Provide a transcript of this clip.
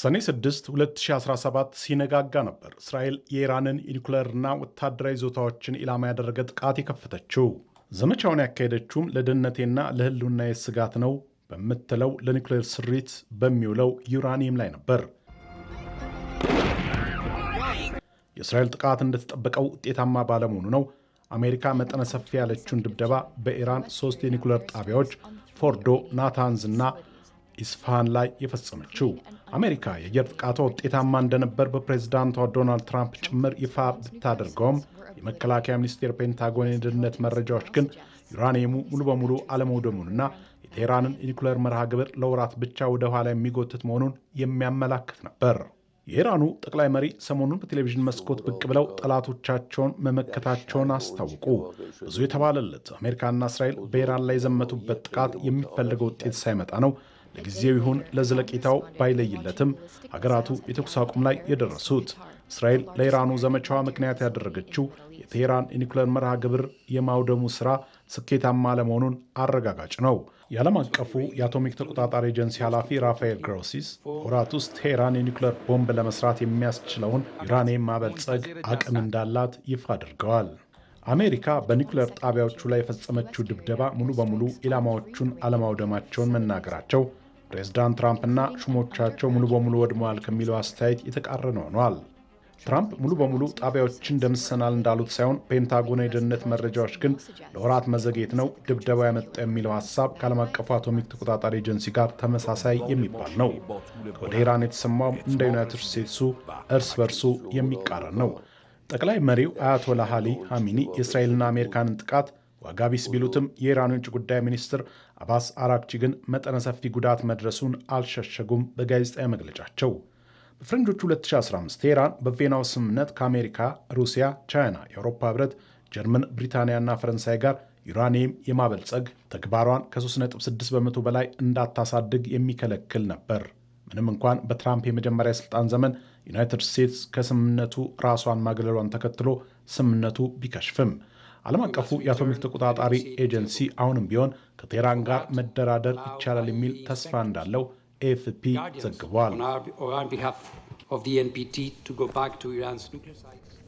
ሰኔ 6 2017 ሲነጋጋ ነበር እስራኤል የኢራንን የኒኩሌርና ወታደራዊ ዞታዎችን ኢላማ ያደረገ ጥቃት የከፈተችው። ዘመቻውን ያካሄደችውም ለደህንነቴና ለህልውናዬ ስጋት ነው በምትለው ለኒኩሌር ስሪት በሚውለው ዩራኒየም ላይ ነበር። የእስራኤል ጥቃት እንደተጠበቀው ውጤታማ ባለመሆኑ ነው አሜሪካ መጠነ ሰፊ ያለችውን ድብደባ በኢራን ሶስት የኒኩሌር ጣቢያዎች ፎርዶ፣ ናታንዝ እና ኢስፋሃን ላይ የፈጸመችው። አሜሪካ የአየር ጥቃቷ ውጤታማ እንደነበር በፕሬዝዳንቷ ዶናልድ ትራምፕ ጭምር ይፋ ብታደርገውም የመከላከያ ሚኒስቴር ፔንታጎን የደህንነት መረጃዎች ግን ዩራኒየሙ ሙሉ በሙሉ አለመውደሙንና የቴህራንን የኒኩሌር መርሃ ግብር ለወራት ብቻ ወደ ኋላ የሚጎትት መሆኑን የሚያመላክት ነበር። የኢራኑ ጠቅላይ መሪ ሰሞኑን በቴሌቪዥን መስኮት ብቅ ብለው ጠላቶቻቸውን መመከታቸውን አስታውቁ። ብዙ የተባለለት አሜሪካና እስራኤል በኢራን ላይ የዘመቱበት ጥቃት የሚፈልገው ውጤት ሳይመጣ ነው ለጊዜው ይሁን ለዘለቂታው ባይለይለትም ሀገራቱ የተኩስ አቁም ላይ የደረሱት እስራኤል ለኢራኑ ዘመቻዋ ምክንያት ያደረገችው የቴህራን የኒኩሌር መርሃ ግብር የማውደሙ ስራ ስኬታማ ለመሆኑን አረጋጋጭ ነው። የዓለም አቀፉ የአቶሚክ ተቆጣጣሪ ኤጀንሲ ኃላፊ ራፋኤል ግሮሲስ ወራት ውስጥ ቴህራን የኒኩሌር ቦምብ ለመስራት የሚያስችለውን ዩራኒየም ማበልጸግ አቅም እንዳላት ይፋ አድርገዋል። አሜሪካ በኒኩሌር ጣቢያዎቹ ላይ የፈጸመችው ድብደባ ሙሉ በሙሉ ኢላማዎቹን አለማውደማቸውን መናገራቸው ፕሬዝዳንት ትራምፕና ሹሞቻቸው ሙሉ በሙሉ ወድመዋል ከሚለው አስተያየት የተቃረነ ሆኗል። ትራምፕ ሙሉ በሙሉ ጣቢያዎችን ደምስሰናል እንዳሉት ሳይሆን ፔንታጎን የደህንነት መረጃዎች ግን ለወራት መዘግየት ነው ድብደባ ያመጣ የሚለው ሀሳብ ከዓለም አቀፉ አቶሚክ ተቆጣጣሪ ኤጀንሲ ጋር ተመሳሳይ የሚባል ነው። ወደ ኢራን የተሰማውም እንደ ዩናይትድ ስቴትሱ እርስ በርሱ የሚቃረን ነው። ጠቅላይ መሪው አያቶላ አሊ ሐሚኒ የእስራኤልና አሜሪካንን ጥቃት ዋጋቢስ ቢሉትም የኢራን ውጭ ጉዳይ ሚኒስትር አባስ አራክቺ ግን መጠነ ሰፊ ጉዳት መድረሱን አልሸሸጉም። በጋዜጣዊ መግለጫቸው በፈረንጆቹ 2015 ቴህራን በቬናው ስምምነት ከአሜሪካ፣ ሩሲያ፣ ቻይና፣ የአውሮፓ ህብረት፣ ጀርመን፣ ብሪታንያና ፈረንሳይ ጋር ዩራኒየም የማበልጸግ ተግባሯን ከ3.6 በመቶ በላይ እንዳታሳድግ የሚከለክል ነበር። ምንም እንኳን በትራምፕ የመጀመሪያ ስልጣን ዘመን ዩናይትድ ስቴትስ ከስምምነቱ ራሷን ማግለሏን ተከትሎ ስምምነቱ ቢከሽፍም ዓለም አቀፉ የአቶሚክ ተቆጣጣሪ ኤጀንሲ አሁንም ቢሆን ከቴህራን ጋር መደራደር ይቻላል የሚል ተስፋ እንዳለው ኤፍፒ ዘግቧል።